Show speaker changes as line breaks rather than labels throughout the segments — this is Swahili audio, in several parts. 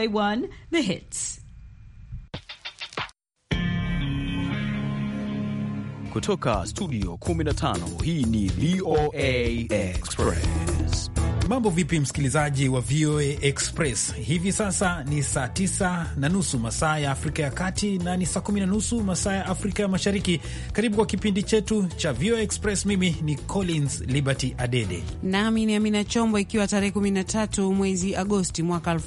They won the hits.
Kutoka studio 15 hii ni VOA Express.
Mambo vipi, msikilizaji wa VOA Express? Hivi sasa ni saa tisa na nusu masaa ya Afrika ya Kati na ni saa kumi na nusu masaa ya Afrika ya Mashariki. Karibu kwa kipindi chetu cha VOA Express. Mimi ni Collins Liberty Adede
nami ni Amina Chombo, ikiwa tarehe 13 mwezi Agosti mwaka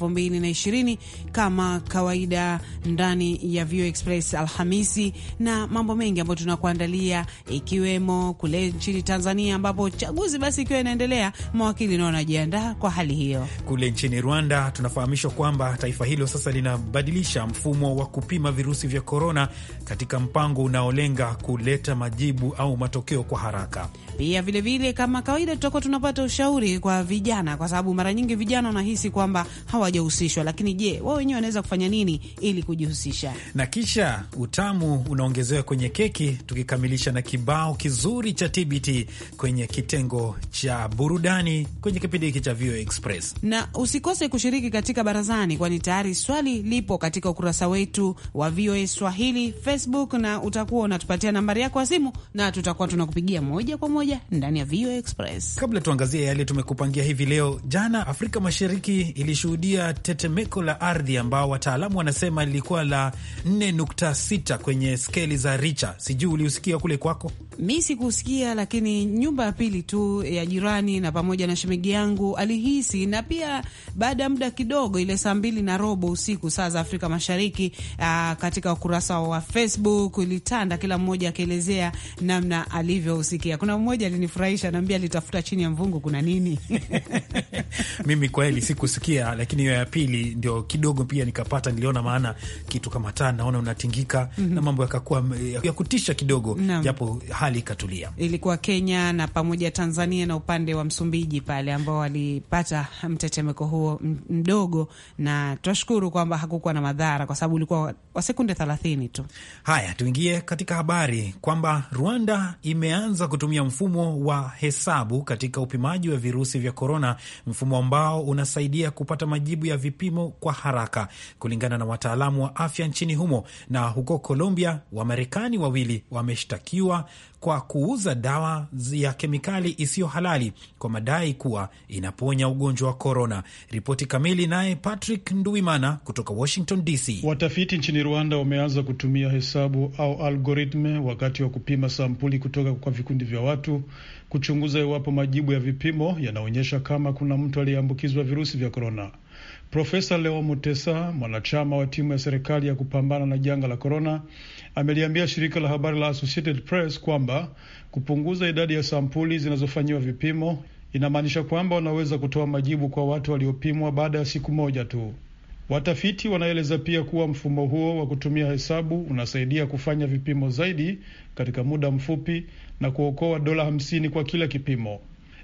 ishirini kama kawaida ndani ya VOA Express Alhamisi, na mambo mengi ambayo tunakuandalia ikiwemo kule nchini Tanzania ambapo chaguzi basi ikiwa inaendelea mawakili naona kujiandaa kwa hali hiyo.
Kule nchini Rwanda tunafahamishwa kwamba taifa hilo sasa linabadilisha mfumo wa kupima virusi vya korona katika mpango unaolenga kuleta majibu au matokeo kwa haraka.
Pia vilevile vile, kama kawaida tutakuwa tunapata ushauri kwa vijana, kwa sababu mara nyingi vijana wanahisi kwamba hawajahusishwa, lakini je, wao wenyewe wanaweza kufanya nini ili kujihusisha?
Na kisha utamu unaongezewa kwenye keki, tukikamilisha na kibao kizuri cha TBT kwenye kitengo cha burudani kwenye kipindi hiki cha VOA Express,
na usikose kushiriki katika barazani, kwani tayari swali lipo katika ukurasa wetu wa VOA Swahili Facebook, na utakuwa unatupatia nambari yako ya simu na tutakuwa tunakupigia moja kwa moja ndani ya VOA Express. Kabla
tuangazie yale tumekupangia hivi leo, jana Afrika Mashariki ilishuhudia tetemeko la ardhi ambao wataalamu wanasema lilikuwa la 4.6 kwenye skeli za Richa. Sijui uliusikia kule kwako?
Mi sikusikia, lakini nyumba ya pili tu ya jirani na pamoja na shemegi yangu alihisi, na pia baada ya muda kidogo, ile saa mbili na robo usiku saa za Afrika Mashariki, aa, ah, katika ukurasa wa Facebook ilitanda, kila mmoja akielezea namna alivyohusikia. Kuna mmoja alinifurahisha, naambia alitafuta chini ya mvungu kuna nini?
Mimi kweli sikusikia, lakini hiyo ya pili ndio kidogo pia nikapata, niliona maana kitu kama taa naona unatingika mm -hmm. na mhm. mambo yakakuwa ya kutisha kidogo na, japo hali ikatulia.
Ilikuwa Kenya na pamoja Tanzania na upande wa Msumbiji pale ambao ambao walipata mtetemeko huo mdogo, na tunashukuru kwamba hakukuwa na madhara kwa sababu ulikuwa wa sekunde thelathini tu. Haya, tuingie katika
habari kwamba Rwanda imeanza kutumia mfumo wa hesabu katika upimaji wa virusi vya korona, mfumo ambao unasaidia kupata majibu ya vipimo kwa haraka, kulingana na wataalamu wa afya nchini humo. Na huko Colombia, Wamarekani wawili wameshtakiwa kwa kuuza dawa ya kemikali isiyo halali kwa madai kuwa inaponya ugonjwa wa korona. Ripoti kamili naye Patrick Nduimana
kutoka Washington DC. Watafiti nchini Rwanda wameanza kutumia hesabu au algoritme wakati wa kupima sampuli kutoka kwa vikundi vya watu kuchunguza iwapo majibu ya vipimo yanaonyesha kama kuna mtu aliyeambukizwa virusi vya korona. Profesa Leo Mutesa, mwanachama wa timu ya serikali ya kupambana na janga la korona, ameliambia shirika la habari la Associated Press kwamba kupunguza idadi ya sampuli zinazofanyiwa vipimo inamaanisha kwamba wanaweza kutoa majibu kwa watu waliopimwa baada ya siku moja tu. Watafiti wanaeleza pia kuwa mfumo huo wa kutumia hesabu unasaidia kufanya vipimo zaidi katika muda mfupi na kuokoa dola hamsini kwa kila kipimo.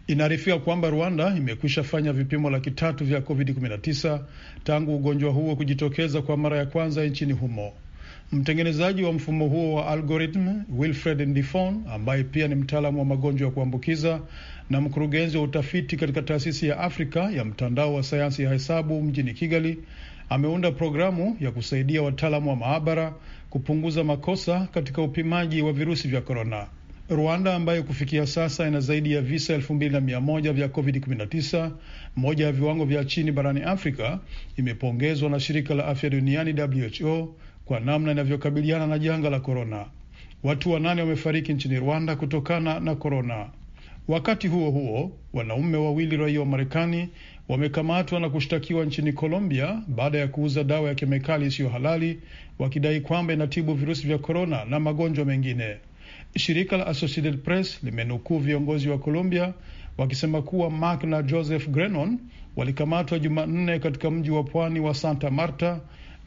Inaarifiwa kwamba Rwanda imekwisha fanya vipimo laki tatu vya COVID-19 tangu ugonjwa huo kujitokeza kwa mara ya kwanza nchini humo. Mtengenezaji wa mfumo huo wa algorithm Wilfred Ndifon, ambaye pia ni mtaalamu wa magonjwa ya kuambukiza na mkurugenzi wa utafiti katika taasisi ya Afrika ya mtandao wa sayansi ya hesabu mjini Kigali, ameunda programu ya kusaidia wataalamu wa maabara kupunguza makosa katika upimaji wa virusi vya korona. Rwanda ambayo kufikia sasa ina zaidi ya visa elfu mbili na mia moja vya COVID-19, moja ya viwango vya chini barani Afrika, imepongezwa na shirika la afya duniani WHO kwa namna inavyokabiliana na janga la korona. Watu wanane wamefariki nchini Rwanda kutokana na korona. Wakati huo huo, wanaume wawili raia wa Marekani wamekamatwa na kushtakiwa nchini Colombia baada ya kuuza dawa ya kemikali isiyo halali, wakidai kwamba inatibu virusi vya korona na magonjwa mengine. Shirika la Associated Press limenukuu viongozi wa Colombia wakisema kuwa Mark na Joseph Grenon walikamatwa Jumanne katika mji wa pwani wa Santa Marta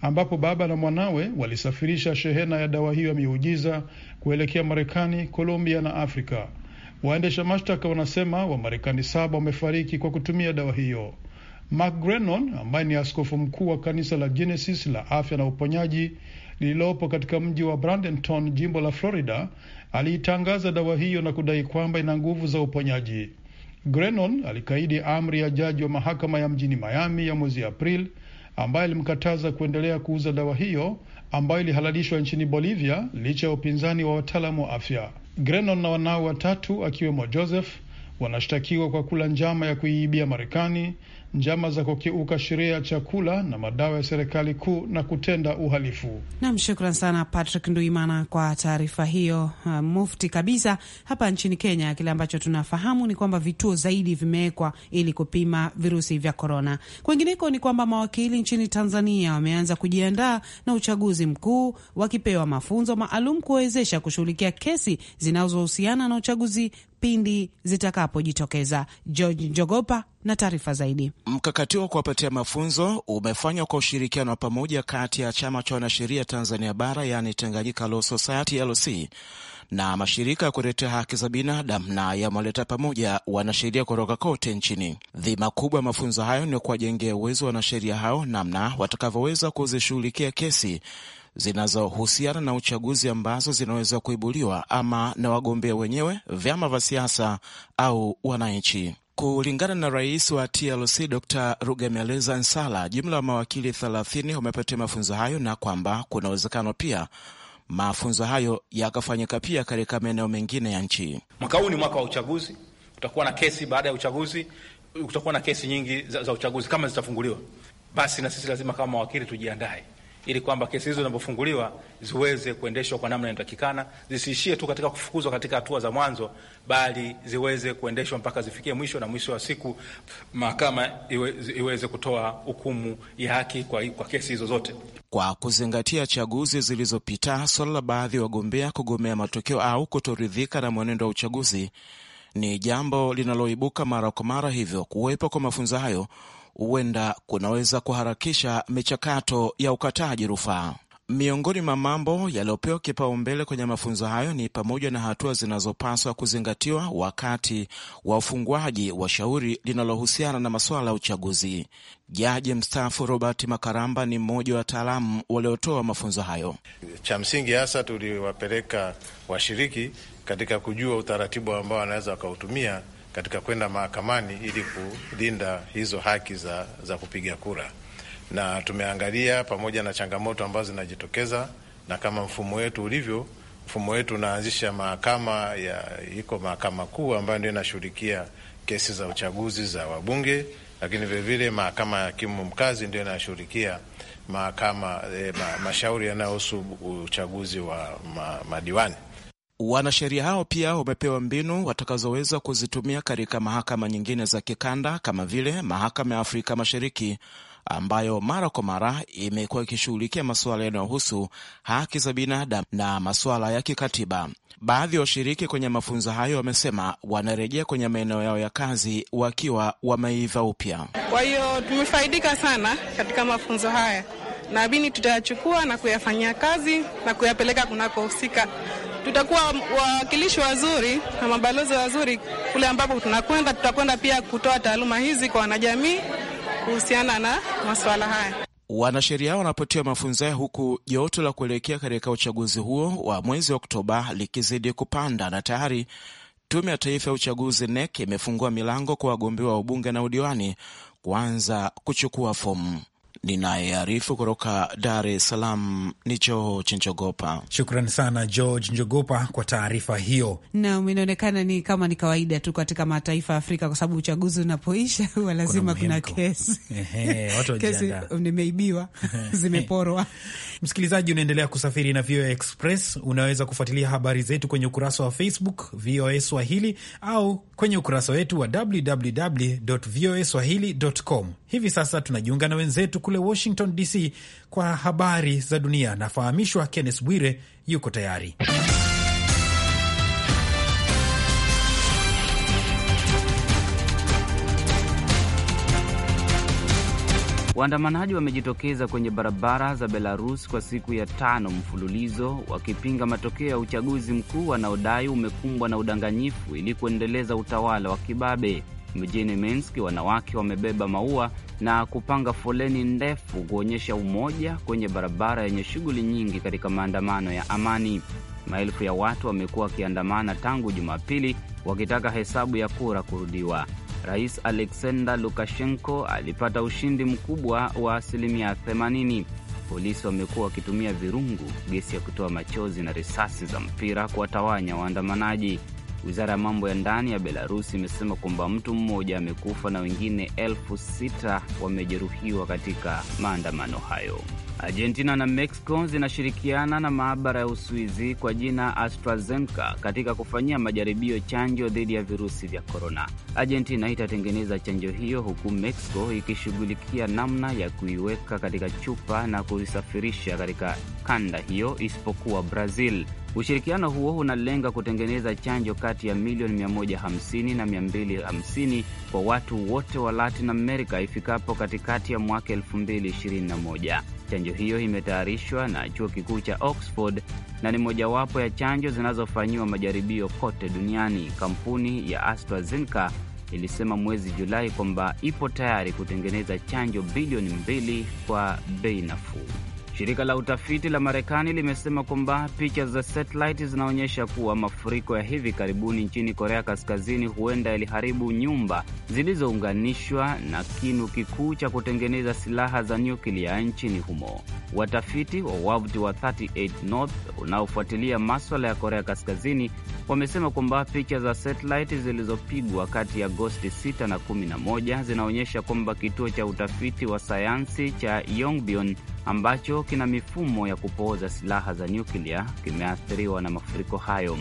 ambapo baba na mwanawe walisafirisha shehena ya dawa hiyo ya miujiza kuelekea Marekani, Colombia na Afrika. Waendesha mashtaka wanasema Wamarekani saba wamefariki kwa kutumia dawa hiyo. Mark Grenon ambaye ni askofu mkuu wa kanisa la Genesis la afya na uponyaji lililopo katika mji wa Bradenton, jimbo la Florida, aliitangaza dawa hiyo na kudai kwamba ina nguvu za uponyaji. Grenon alikaidi amri ya jaji wa mahakama ya mjini Miami ya mwezi Aprili ambaye alimkataza kuendelea kuuza dawa hiyo ambayo ilihalalishwa nchini Bolivia licha ya upinzani wa wataalamu wa afya. Grenon na wanao watatu akiwemo Joseph wanashtakiwa kwa kula njama ya kuiibia Marekani njama za kukiuka sheria ya chakula na madawa ya serikali kuu na kutenda uhalifu.
Nam, shukran sana Patrick Nduimana kwa taarifa hiyo uh, mufti kabisa. Hapa nchini Kenya, kile ambacho tunafahamu ni kwamba vituo zaidi vimewekwa ili kupima virusi vya korona. Kwengineko ni kwamba mawakili nchini Tanzania wameanza kujiandaa na uchaguzi mkuu, wakipewa mafunzo maalum kuwawezesha kushughulikia kesi zinazohusiana na uchaguzi pindi zitakapojitokeza. George Njogopa na taarifa zaidi.
Mkakati wa kuwapatia mafunzo umefanywa kwa ushirikiano wa pamoja kati ya chama cha wanasheria Tanzania Bara, yaani Tanganyika Law Society LLC na mashirika ya kutetea haki za binadamu na yamewaleta pamoja wanasheria kutoka kote nchini. Dhima kubwa ya mafunzo hayo ni kuwajengea uwezo wa wanasheria hao namna watakavyoweza kuzishughulikia kesi zinazohusiana na uchaguzi ambazo zinaweza kuibuliwa ama na wagombea wenyewe, vyama vya siasa au wananchi. Kulingana na rais wa TLC Dr Rugemeleza Nsala, jumla ya mawakili 30 wamepatia mafunzo hayo na kwamba kuna uwezekano pia mafunzo hayo yakafanyika pia katika maeneo mengine ya nchi.
Mwaka huu ni mwaka wa uchaguzi, kutakuwa na kesi baada ya uchaguzi, kutakuwa na kesi nyingi za, za uchaguzi kama zitafunguliwa, basi na sisi lazima kama mawakili tujiandae ili kwamba kesi hizo zinapofunguliwa ziweze kuendeshwa kwa namna inayotakikana, zisiishie tu katika kufukuzwa katika hatua za mwanzo, bali ziweze kuendeshwa mpaka zifikie mwisho, na mwisho wa siku mahakama iwe, iweze kutoa hukumu ya haki kwa, kwa kesi
hizo zote. Kwa kuzingatia chaguzi zilizopita, swala la baadhi ya wagombea kugomea matokeo au kutoridhika na mwenendo wa uchaguzi ni jambo linaloibuka mara kwa mara, hivyo kuwepo kwa mafunzo hayo huenda kunaweza kuharakisha michakato ya ukataji rufaa. Miongoni mwa mambo yaliyopewa kipaumbele kwenye mafunzo hayo ni pamoja na hatua zinazopaswa kuzingatiwa wakati wa ufunguaji wa shauri linalohusiana na masuala ya uchaguzi. Jaji mstaafu Robert Makaramba ni mmoja wa wataalamu waliotoa mafunzo hayo. Cha msingi hasa tuliwapeleka washiriki katika kujua utaratibu ambao wanaweza wakautumia katika kwenda mahakamani ili kulinda hizo haki za, za kupiga kura, na tumeangalia pamoja na changamoto ambazo zinajitokeza na kama mfumo wetu ulivyo, mfumo wetu unaanzisha mahakama ya iko mahakama kuu ambayo ndio inashughulikia kesi za uchaguzi za wabunge, lakini vilevile mahakama ya hakimu mkazi ndio inashughulikia mahakama eh, ma, mashauri yanayohusu uchaguzi wa ma, madiwani. Wanasheria hao pia wamepewa mbinu watakazoweza kuzitumia katika mahakama nyingine za kikanda kama vile mahakama ya Afrika Mashariki ambayo mara kwa mara imekuwa ikishughulikia masuala yanayohusu haki za binadamu na masuala ya kikatiba. Baadhi ya washiriki kwenye mafunzo hayo wamesema wanarejea kwenye maeneo yao ya kazi wakiwa wameiva upya.
Kwa hiyo tumefaidika sana katika mafunzo haya, naamini tutayachukua na kuyafanyia kazi na kuyapeleka kunakohusika tutakuwa wawakilishi wazuri na mabalozi wazuri kule ambapo tunakwenda. Tutakwenda pia kutoa taaluma hizi kwa wanajamii kuhusiana na masuala haya.
Wanasheria wanapotiwa mafunzo ya huku joto la kuelekea katika uchaguzi huo wa mwezi Oktoba likizidi kupanda, na tayari Tume ya Taifa ya Uchaguzi NEC imefungua milango kwa wagombea wa ubunge na udiwani kuanza kuchukua fomu. Ninayearifu kutoka Dar es Salaam ni George Njogopa.
Shukran sana George Njogopa kwa taarifa hiyo.
nam inaonekana ni kama ni kawaida tu katika mataifa ya Afrika kwa sababu uchaguzi unapoisha huwa lazima kuna, kuna kesi kesi nimeibiwa zimeporwa.
Msikilizaji, unaendelea kusafiri na VOA Express. Unaweza kufuatilia habari zetu kwenye ukurasa wa Facebook VOA Swahili au kwenye ukurasa wetu wa www voa swahili com Hivi sasa tunajiunga na wenzetu kule Washington DC kwa habari za dunia. Nafahamishwa Kenneth Bwire yuko tayari.
Waandamanaji wamejitokeza kwenye barabara za Belarus kwa siku ya tano mfululizo wakipinga matokeo ya uchaguzi mkuu wanaodai umekumbwa na udanganyifu ili kuendeleza utawala wa kibabe mjini Minsk, wanawake wamebeba maua na kupanga foleni ndefu kuonyesha umoja kwenye barabara yenye shughuli nyingi katika maandamano ya amani. Maelfu ya watu wamekuwa wakiandamana tangu Jumapili wakitaka hesabu ya kura kurudiwa. Rais Alexander Lukashenko alipata ushindi mkubwa wa asilimia 80. Polisi wamekuwa wakitumia virungu, gesi ya kutoa machozi na risasi za mpira kuwatawanya waandamanaji. Wizara ya mambo ya ndani ya Belarusi imesema kwamba mtu mmoja amekufa na wengine elfu sita wamejeruhiwa katika maandamano hayo. Argentina na Mexico zinashirikiana na maabara ya Uswizi kwa jina AstraZeneca katika kufanyia majaribio chanjo dhidi ya virusi vya korona. Argentina itatengeneza chanjo hiyo huku Mexico ikishughulikia namna ya kuiweka katika chupa na kuisafirisha katika kanda hiyo isipokuwa Brazil. Ushirikiano huo unalenga kutengeneza chanjo kati ya milioni 150 na 250 kwa watu wote wa Latin America ifikapo katikati ya mwaka 2021. Chanjo hiyo imetayarishwa na chuo kikuu cha Oxford na ni mojawapo ya chanjo zinazofanyiwa majaribio kote duniani. Kampuni ya AstraZeneca ilisema mwezi Julai kwamba ipo tayari kutengeneza chanjo bilioni mbili kwa bei nafuu. Shirika la utafiti la Marekani limesema kwamba picha za satellite zinaonyesha kuwa mafuriko ya hivi karibuni nchini Korea Kaskazini huenda yaliharibu nyumba zilizounganishwa na kinu kikuu cha kutengeneza silaha za nyuklia nchini humo. Watafiti wa wavuti wa 38 North unaofuatilia maswala ya Korea Kaskazini wamesema kwamba picha za satelaiti zilizopigwa kati ya Agosti 6 na 11 zinaonyesha kwamba kituo cha utafiti wa sayansi cha Yongbyon ambacho kina mifumo ya kupooza silaha za nyuklia kimeathiriwa na mafuriko hayo.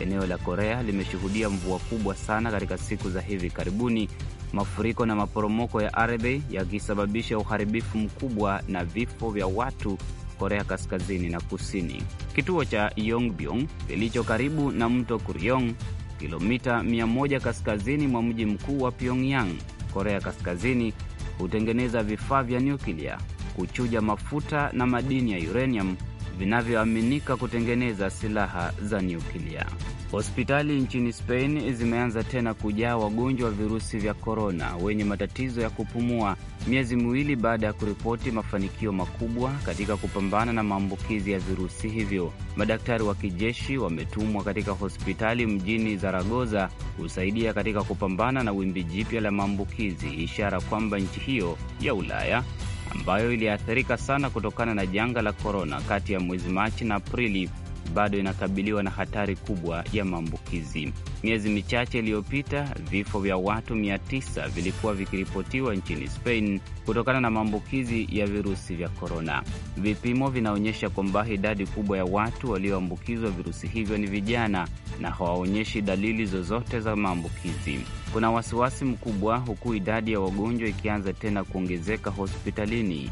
Eneo la Korea limeshuhudia mvua kubwa sana katika siku za hivi karibuni mafuriko na maporomoko ya ardhi yakisababisha uharibifu mkubwa na vifo vya watu Korea Kaskazini na Kusini. Kituo cha Yongbyong kilicho karibu na mto Kuryong, kilomita 100 kaskazini mwa mji mkuu wa Pyongyang, Korea Kaskazini, hutengeneza vifaa vya nyuklia, kuchuja mafuta na madini ya uranium vinavyoaminika kutengeneza silaha za nyuklia. Hospitali nchini Spain zimeanza tena kujaa wagonjwa wa virusi vya korona wenye matatizo ya kupumua, miezi miwili baada ya kuripoti mafanikio makubwa katika kupambana na maambukizi ya virusi hivyo. Madaktari wa kijeshi wametumwa katika hospitali mjini Zaragoza kusaidia katika kupambana na wimbi jipya la maambukizi, ishara kwamba nchi hiyo ya Ulaya ambayo iliathirika sana kutokana na janga la korona kati ya mwezi Machi na Aprili bado inakabiliwa na hatari kubwa ya maambukizi. Miezi michache iliyopita, vifo vya watu 900 vilikuwa vikiripotiwa nchini Spain kutokana na maambukizi ya virusi vya korona. Vipimo vinaonyesha kwamba idadi kubwa ya watu walioambukizwa virusi hivyo ni vijana na hawaonyeshi dalili zozote za maambukizi. Kuna wasiwasi mkubwa, huku idadi ya wagonjwa ikianza tena kuongezeka hospitalini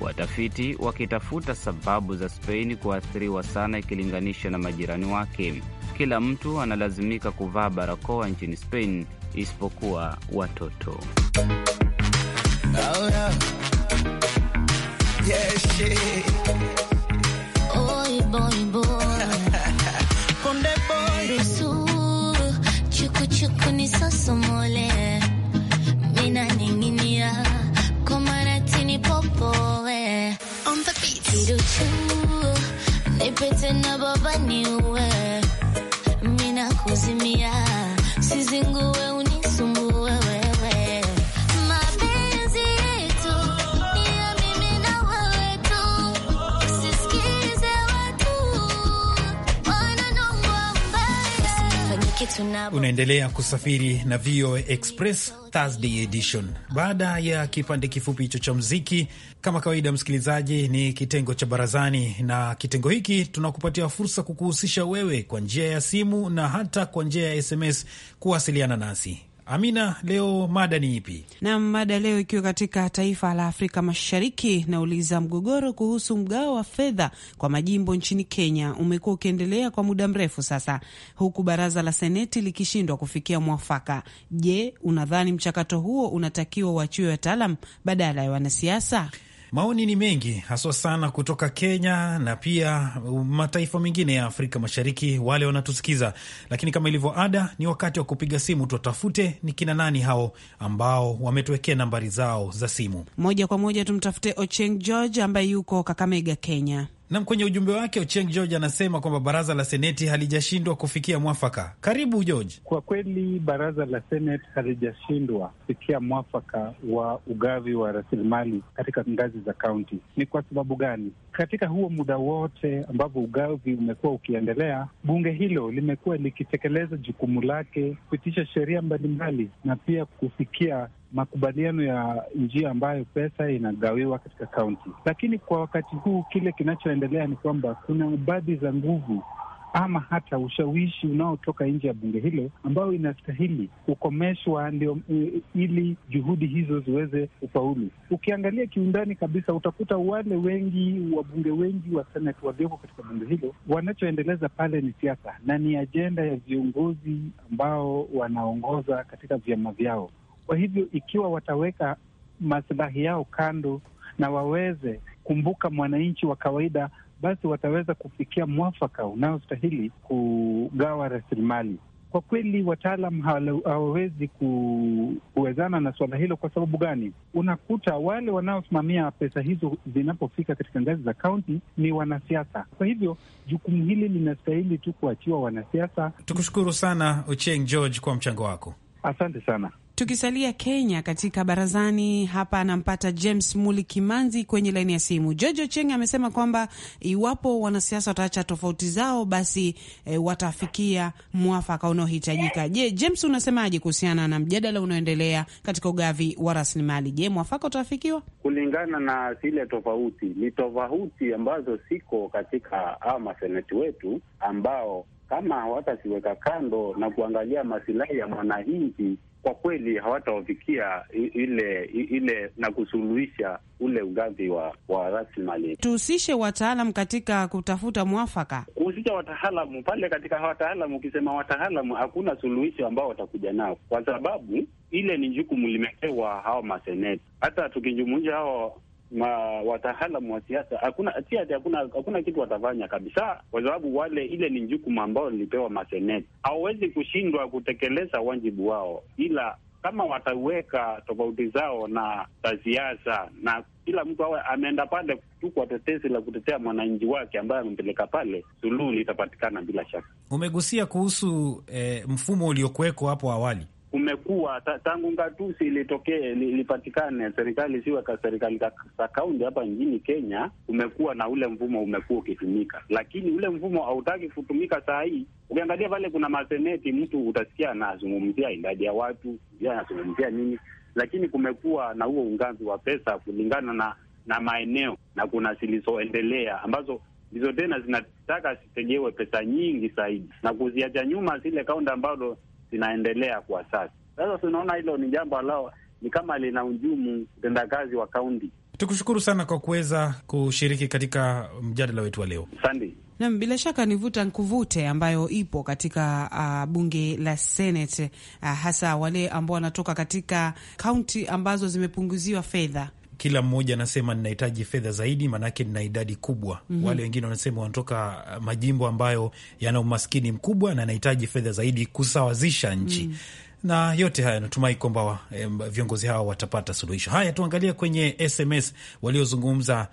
watafiti wakitafuta sababu za Spein kuathiriwa sana ikilinganisha na majirani wake. Kila mtu analazimika kuvaa barakoa nchini Spein isipokuwa watoto. Oh, yeah. Yeah,
Juchu, nipe tena baba niue, mina kuzimia Unaendelea kusafiri na VOA Express Thursday edition. Baada ya kipande kifupi hicho cha mziki, kama kawaida, msikilizaji, ni kitengo cha barazani, na kitengo hiki tunakupatia fursa kukuhusisha wewe kwa njia ya simu na hata kwa njia ya SMS kuwasiliana nasi Amina, leo mada
ni ipi? Naam, mada leo ikiwa katika taifa la Afrika Mashariki, nauliza mgogoro kuhusu mgao wa fedha kwa majimbo nchini Kenya umekuwa ukiendelea kwa muda mrefu sasa, huku baraza la seneti likishindwa kufikia mwafaka. Je, unadhani mchakato huo unatakiwa uachiwe wataalam badala ya wanasiasa? Maoni ni mengi haswa
sana kutoka Kenya na pia mataifa mengine ya Afrika Mashariki, wale wanatusikiza. Lakini kama ilivyo ada, ni wakati wa kupiga simu, tuwatafute ni kina nani hao ambao wametuwekea nambari zao za simu.
Moja kwa moja tumtafute Ocheng George ambaye yuko Kakamega, Kenya. Nam, kwenye ujumbe wake Ochieng George anasema kwamba baraza la seneti halijashindwa
kufikia mwafaka.
Karibu George. Kwa kweli baraza la seneti halijashindwa kufikia mwafaka wa ugavi wa rasilimali katika ngazi za kaunti. Ni kwa sababu gani? Katika huo muda wote ambapo ugavi umekuwa ukiendelea, bunge hilo limekuwa likitekeleza jukumu lake, kupitisha sheria mbalimbali na pia kufikia makubaliano ya njia ambayo pesa inagawiwa katika kaunti. Lakini kwa wakati huu kile kinachoendelea ni kwamba kuna ubadhi za nguvu ama hata ushawishi unaotoka nje ya bunge hilo ambayo inastahili kukomeshwa, ndio e, ili juhudi hizo ziweze kufaulu. Ukiangalia kiundani kabisa, utakuta wale wengi wabunge wengi wa senati walioko katika bunge hilo wanachoendeleza pale ni siasa na ni ajenda ya viongozi ambao wanaongoza katika vyama vyao. Kwa hivyo ikiwa wataweka masilahi yao kando na waweze kumbuka mwananchi wa kawaida, basi wataweza kufikia mwafaka unaostahili kugawa rasilimali. Kwa kweli wataalam hawawezi kuwezana na suala hilo. Kwa sababu gani? Unakuta wale wanaosimamia pesa hizo zinapofika katika ngazi za kaunti ni wanasiasa. Kwa hivyo jukumu hili linastahili tu kuachiwa wanasiasa.
Tukushukuru sana uchen George kwa mchango wako, asante sana.
Tukisalia Kenya katika barazani hapa, anampata James Muli Kimanzi kwenye laini ya simu. Jojo Cheng amesema kwamba iwapo wanasiasa wataacha tofauti zao, basi e, watafikia mwafaka unaohitajika. Je, James, unasemaje kuhusiana na mjadala unaoendelea katika ugavi wa rasilimali? Je, mwafaka utafikiwa
kulingana na zile tofauti? Ni tofauti ambazo siko katika aa maseneti wetu ambao kama hawataziweka kando na kuangalia masilahi ya mwananchi kwa kweli hawatawafikia ile ile na kusuluhisha ule ugavi wa, wa rasilimali.
Tuhusishe wataalam katika kutafuta mwafaka,
kuhusisha wataalamu pale. Katika wataalamu, ukisema wataalamu, hakuna suluhisho ambao watakuja nao, kwa sababu ile ni jukumu limepewa hawa maseneti Hata tukijumuisha hao wataalamu wa siasa hakuna siasa, hakuna hakuna kitu watafanya kabisa, kwa sababu wale, ile ni jukumu ambao lilipewa maseneti. Hawawezi kushindwa kutekeleza wajibu wao, ila kama wataweka tofauti zao na za siasa na kila mtu awe ameenda pale tu kwa tetesi la kutetea mwananchi wake ambaye amempeleka pale, suluhu litapatikana bila shaka.
Umegusia kuhusu eh, mfumo uliokuwekwa hapo awali
kumekuwa tangu ngatusi ilitokee lipatikane serikali isiweka serikali za kaunti hapa nchini Kenya, umekuwa na ule mfumo umekuwa ukitumika, lakini ule mfumo hautaki kutumika saa hii. Ukiangalia pale kuna maseneti, mtu utasikia anazungumzia idadi ya watu, anazungumzia nini, lakini kumekuwa na huo ungazi wa pesa kulingana na na maeneo, na kuna zilizoendelea ambazo ndizo tena zinataka zitegewe pesa nyingi zaidi na kuziacha nyuma zile kaunti ambalo zinaendelea kwa sasa. Sasa tunaona hilo ni jambo alao ni kama lina ujumu utendakazi wa kaunti.
Tukushukuru sana kwa kuweza kushiriki katika mjadala wetu wa leo. Sandi.
Nam, bila shaka ni vuta nkuvute ambayo ipo katika uh, bunge la Senate uh, hasa wale ambao wanatoka katika kaunti ambazo zimepunguziwa fedha
kila mmoja anasema ninahitaji fedha zaidi, maanake nina idadi kubwa. mm -hmm. Wale wengine wanasema wanatoka uh, majimbo ambayo yana umaskini mkubwa na anahitaji fedha zaidi kusawazisha nchi mm -hmm na yote haya natumai kwamba viongozi hawa watapata suluhisho. Haya, tuangalia kwenye SMS waliozungumza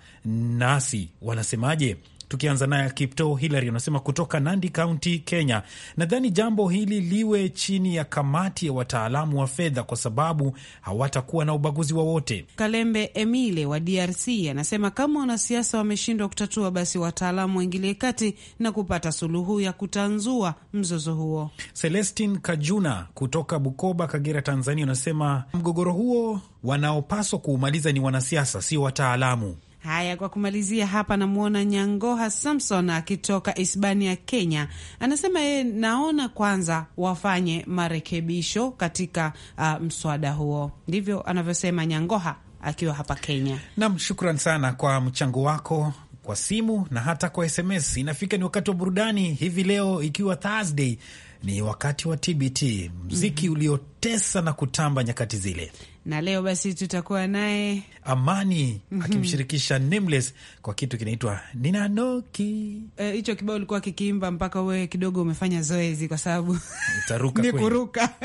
nasi wanasemaje. Tukianza naye Kipto Hilary anasema kutoka Nandi Kaunti, Kenya, nadhani jambo hili liwe chini ya kamati ya wataalamu wa fedha kwa sababu hawatakuwa na ubaguzi wowote.
Kalembe Emile wa DRC anasema kama wanasiasa wameshindwa kutatua, basi wataalamu waingilie kati na kupata suluhu ya kutanzua mzozo huo. Celestin Kajuna
kutoka Bukoba, Kagera, Tanzania anasema mgogoro huo wanaopaswa kuumaliza ni wanasiasa, sio wataalamu.
Haya, kwa kumalizia hapa, namwona Nyangoha Samson akitoka Hispania, Kenya, anasema yeye, naona kwanza wafanye marekebisho katika uh, mswada huo. Ndivyo anavyosema Nyangoha akiwa hapa Kenya.
Nam, shukran sana kwa mchango wako kwa simu na hata kwa SMS. Inafika ni wakati wa burudani hivi leo, ikiwa Thursday ni wakati wa TBT, mziki mm -hmm. uliotesa na kutamba nyakati zile
na leo basi tutakuwa naye
Amani mm-hmm. akimshirikisha Nameless kwa
kitu kinaitwa ninanoki. E, hicho e, kibao ulikuwa kikiimba mpaka uwe kidogo umefanya zoezi, kwa sababu ni kuruka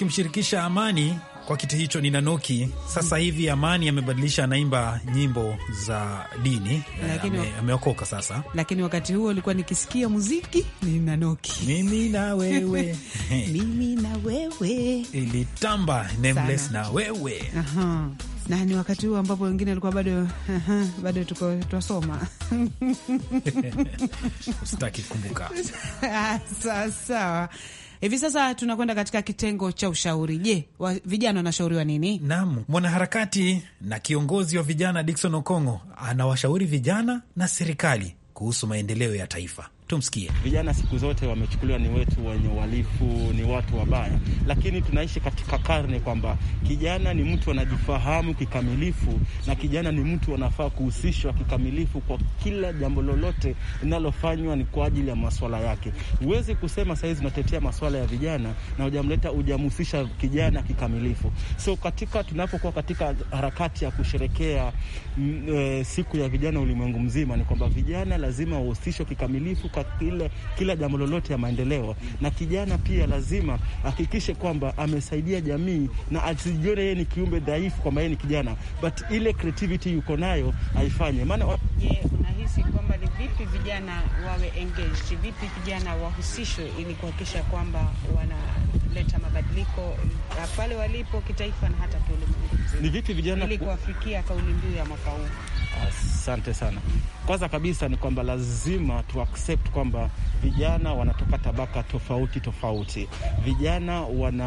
akimshirikisha Amani kwa kiti hicho ni Nanoki. Sasa hivi Amani amebadilisha, anaimba nyimbo za dini, ameokoka sasa,
lakini wakati huo alikuwa nikisikia muziki ni Nanoki. Mimi na wewe mimi na wewe
ilitamba nameless na wewe
Aha. Na ni wakati huo ambapo wengine walikuwa bado uh-huh, bado tuko twasoma kumbuka sawa Hivi sasa tunakwenda katika kitengo cha ushauri. Je, vijana wanashauriwa nini? Naam, mwanaharakati na
kiongozi wa vijana Dikson Okongo anawashauri vijana na serikali kuhusu maendeleo
ya taifa. Tumsikie. Vijana siku zote wamechukuliwa ni wetu wenye uhalifu, ni watu wabaya, lakini tunaishi katika karne kwamba kijana ni mtu anajifahamu kikamilifu, na kijana ni mtu anafaa kuhusishwa kikamilifu kwa kila jambo lolote linalofanywa, ni kwa ajili ya maswala yake. Huwezi kusema sahizi unatetea maswala ya vijana na hujamleta hujamhusisha kijana kikamilifu. So katika tunapokuwa katika harakati ya kusherekea m, mm, e, eh, siku ya vijana ulimwengu mzima, ni kwamba vijana lazima wahusishwe kikamilifu katika kile, kila jambo lolote ya maendeleo. Na kijana pia lazima hakikishe kwamba amesaidia jamii na asijione yeye ni kiumbe dhaifu kwamba yeye ni kijana, but ile creativity yuko nayo aifanye. Maana
unahisi kwamba ni vipi vijana wawe engaged, vipi vijana wahusishwe ili kuhakikisha kwamba wana leta mabadiliko pale walipo kitaifa na hata kiulimwengu,
ni vipi vijana ili
kuafikia kauli mbiu ya mwaka huu?
Asante sana. Kwanza kabisa ni kwamba lazima tu accept kwamba vijana wanatoka tabaka tofauti tofauti, vijana wana,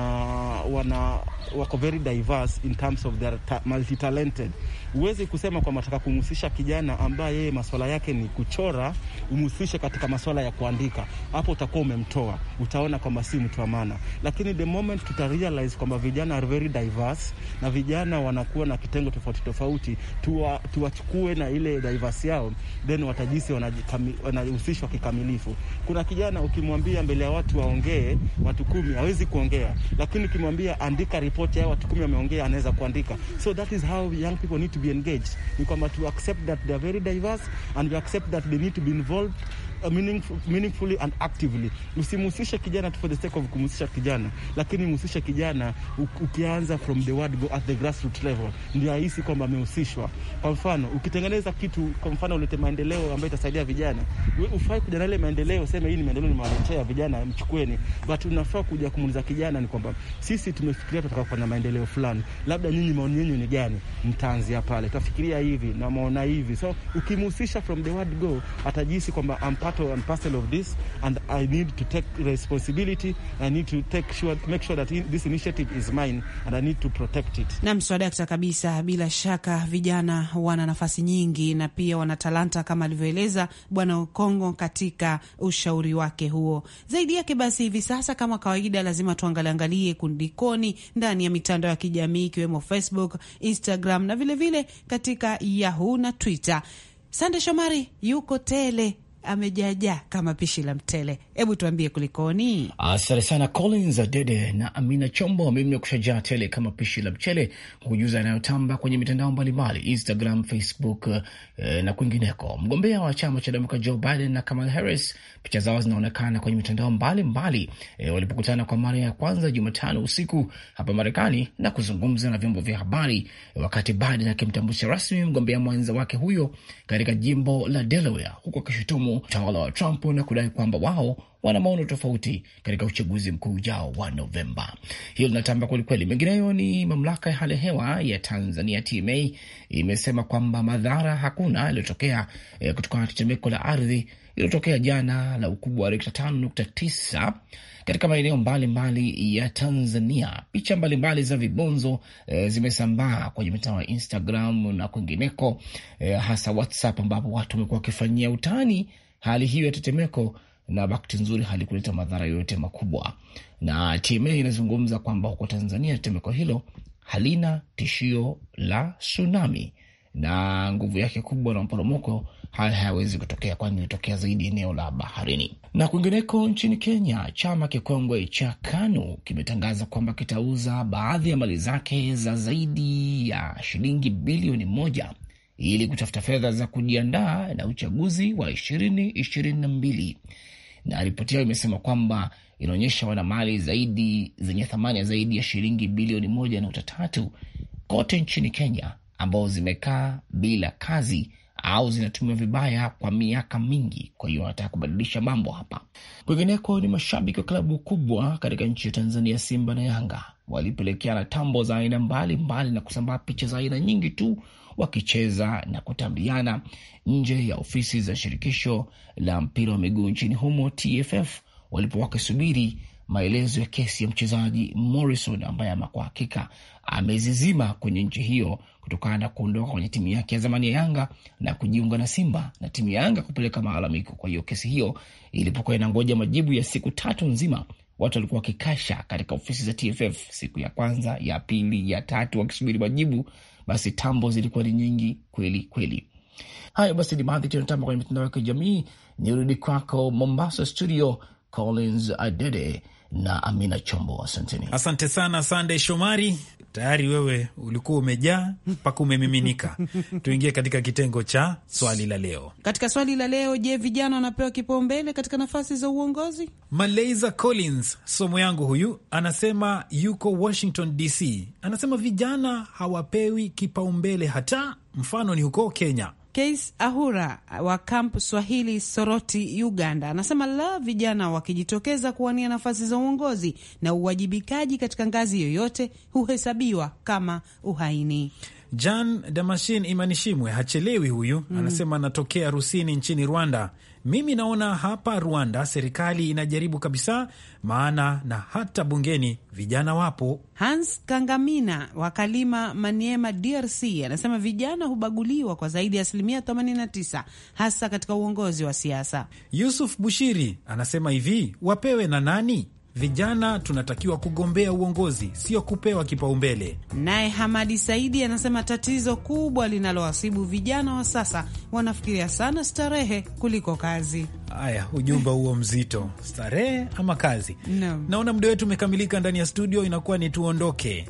wana wako very diverse in terms of their ta multi talented. Huwezi kusema kwamba nataka kumhusisha kijana ambaye yeye maswala yake ni kuchora, umhusishe katika maswala ya kuandika. Hapo utakuwa umemtoa, utaona kwamba si mtu wa maana. Lakini the moment tuta realize kwamba vijana are very diverse na vijana wanakuwa na kitengo tofauti tofauti, tuwachukue tuwa na ile diverse yao then watajisi wanahusishwa kikamilifu. Kuna kijana ukimwambia mbele ya watu waongee, watu kumi, hawezi kuongea, lakini ukimwambia andika ripoti ya watu kumi wameongea, anaweza kuandika. So that is how young people need to be engaged, ni kwamba to accept that they are very diverse and we accept that they need to be involved meaningful, meaningfully and actively. Usimhusishe kijana tu for the sake of kumhusisha kijana, lakini mhusishe kijana ukianza from the word go at the grassroots level, ndio ahisi kwamba amehusishwa. Kwa mfano ukitengeneza kitu, kwa mfano ulete maendeleo ambayo itasaidia vijana, ufai kuja na ile maendeleo, sema hii ni maendeleo, ni ya vijana, mchukueni, but unafaa kuja kumuuliza kijana ni kwamba sisi tumefikiria tutataka kufanya maendeleo fulani, labda nyinyi maoni yenu ni gani? Mtaanzia pale, tafikiria hivi na maona hivi. So ukimhusisha from the word go atajihisi kwamba part and parcel of this, and I need to take responsibility. I need to take sure, make sure that in, this initiative is mine and I need to protect it.
Nam swadakta kabisa, bila shaka vijana wana nafasi nyingi na pia wana talanta kama alivyoeleza Bwana Okongo katika ushauri wake huo. Zaidi yake basi, hivi sasa kama kawaida, lazima tuangaliangalie kundikoni ndani ya mitandao ya kijamii ikiwemo Facebook, Instagram na vilevile vile katika Yahoo na Twitter. Sande Shomari yuko tele amejaajaa
kama pishi la mtele. Hebu tuambie kulikoni. Asante sana Collins Adede na Amina Chombo, mimi nimekushajaa tele kama pishi la mchele kujuza yanayotamba kwenye mitandao mbalimbali, Instagram, Facebook eh, na kwingineko. Mgombea wa chama cha Demokrat Joe Biden na Kamala Harris, picha zao zinaonekana kwenye mitandao mbalimbali e, walipokutana kwa mara ya kwanza Jumatano usiku hapa Marekani na kuzungumza na vyombo vya habari, wakati Biden akimtambulisha rasmi mgombea mwenza wake huyo katika jimbo la Delaware, huko akishutumu utawala wa Trump na kudai kwamba wao wana maono tofauti katika uchaguzi mkuu ujao wa Novemba. Hiyo linatamba kwelikweli. Mengineyo ni mamlaka ya hali ya hewa ya Tanzania TMA imesema kwamba madhara hakuna yaliyotokea eh, kutokana na tetemeko la ardhi iliyotokea jana la ukubwa wa rekta 5.9 katika maeneo mbalimbali ya Tanzania. Picha mbalimbali za vibonzo e, zimesambaa kwenye mitandao ya Instagram na kwingineko, e, hasa WhatsApp ambapo watu wamekuwa wakifanyia utani hali hiyo ya tetemeko, na bahati nzuri halikuleta madhara yoyote makubwa, na TMA inazungumza kwamba huko Tanzania tetemeko hilo halina tishio la tsunami na nguvu yake kubwa na mporomoko haya hayawezi kutokea, kwani ilitokea zaidi eneo la baharini. Na kwingineko nchini Kenya, chama kikongwe cha KANU kimetangaza kwamba kitauza baadhi ya mali zake za zaidi ya shilingi bilioni moja ili kutafuta fedha za kujiandaa na uchaguzi wa ishirini ishirini na mbili na ripoti yao imesema kwamba inaonyesha wana mali zaidi zenye thamani ya zaidi ya shilingi bilioni moja nukta tatu kote nchini Kenya ambao zimekaa bila kazi au zinatumiwa vibaya kwa miaka mingi. Kwa hiyo wanataka kubadilisha mambo hapa. Kwingineko ni mashabiki wa klabu kubwa katika nchi ya Tanzania, Simba na Yanga walipelekeana tambo za aina mbalimbali na kusambaa picha za aina nyingi tu wakicheza na kutambiana nje ya ofisi za shirikisho la mpira wa miguu nchini humo TFF walipo wakisubiri maelezo ya kesi ya mchezaji Morrison ambaye kwa hakika amezizima kwenye nchi hiyo kutokana na kuondoka kwenye timu yake ya zamani ya Yanga na kujiunga na Simba na timu ya Yanga kupeleka maalamiko. Kwa hiyo kesi hiyo ilipokuwa inangoja majibu ya siku tatu nzima, watu walikuwa wakikasha katika ofisi za TFF siku ya kwanza, ya pili, ya tatu, wakisubiri majibu basi tambo zilikuwa ni nyingi kweli kweli. Hayo basi ni baadhi tunatamba kwenye mitandao ya kijamii. Nirudi kwako Mombasa studio, Collins Adede na Amina Chombo, asanteni.
Asante sana Sandey Shomari tayari wewe ulikuwa umejaa mpaka umemiminika. Tuingie katika kitengo cha swali la leo.
Katika swali la leo, je, vijana wanapewa kipaumbele katika nafasi za uongozi?
Malaysa Collins, somo yangu huyu, anasema yuko Washington DC, anasema vijana hawapewi kipaumbele hata, mfano ni huko Kenya
Case Ahura wa Camp Swahili Soroti, Uganda, anasema la vijana wakijitokeza kuwania nafasi za uongozi na uwajibikaji katika ngazi yoyote huhesabiwa kama uhaini. Jan Damashin
Imanishimwe hachelewi huyu, mm. anasema anatokea Rusini nchini Rwanda. Mimi naona hapa Rwanda serikali inajaribu kabisa, maana na hata bungeni
vijana wapo. Hans Kangamina wa Kalima, Maniema, DRC anasema vijana hubaguliwa kwa zaidi ya asilimia 89 hasa katika uongozi wa siasa.
Yusuf Bushiri anasema hivi, wapewe na nani? vijana tunatakiwa kugombea uongozi, sio kupewa kipaumbele.
Naye Hamadi Saidi anasema tatizo kubwa linalowasibu vijana wa sasa, wanafikiria sana starehe kuliko kazi.
Haya, ujumbe huo mzito, starehe ama kazi no. Naona muda wetu umekamilika ndani ya studio, inakuwa ni tuondoke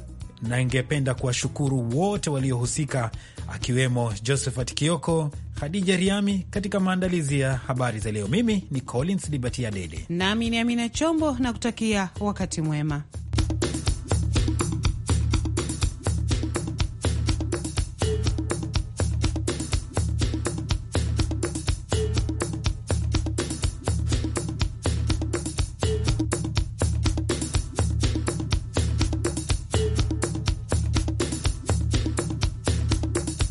na ingependa kuwashukuru wote waliohusika akiwemo Josephat Kioko, Khadija Riami katika maandalizi ya habari za leo. Mimi ni Collins Libatia Dede
nami ni Amina Chombo na kutakia wakati mwema.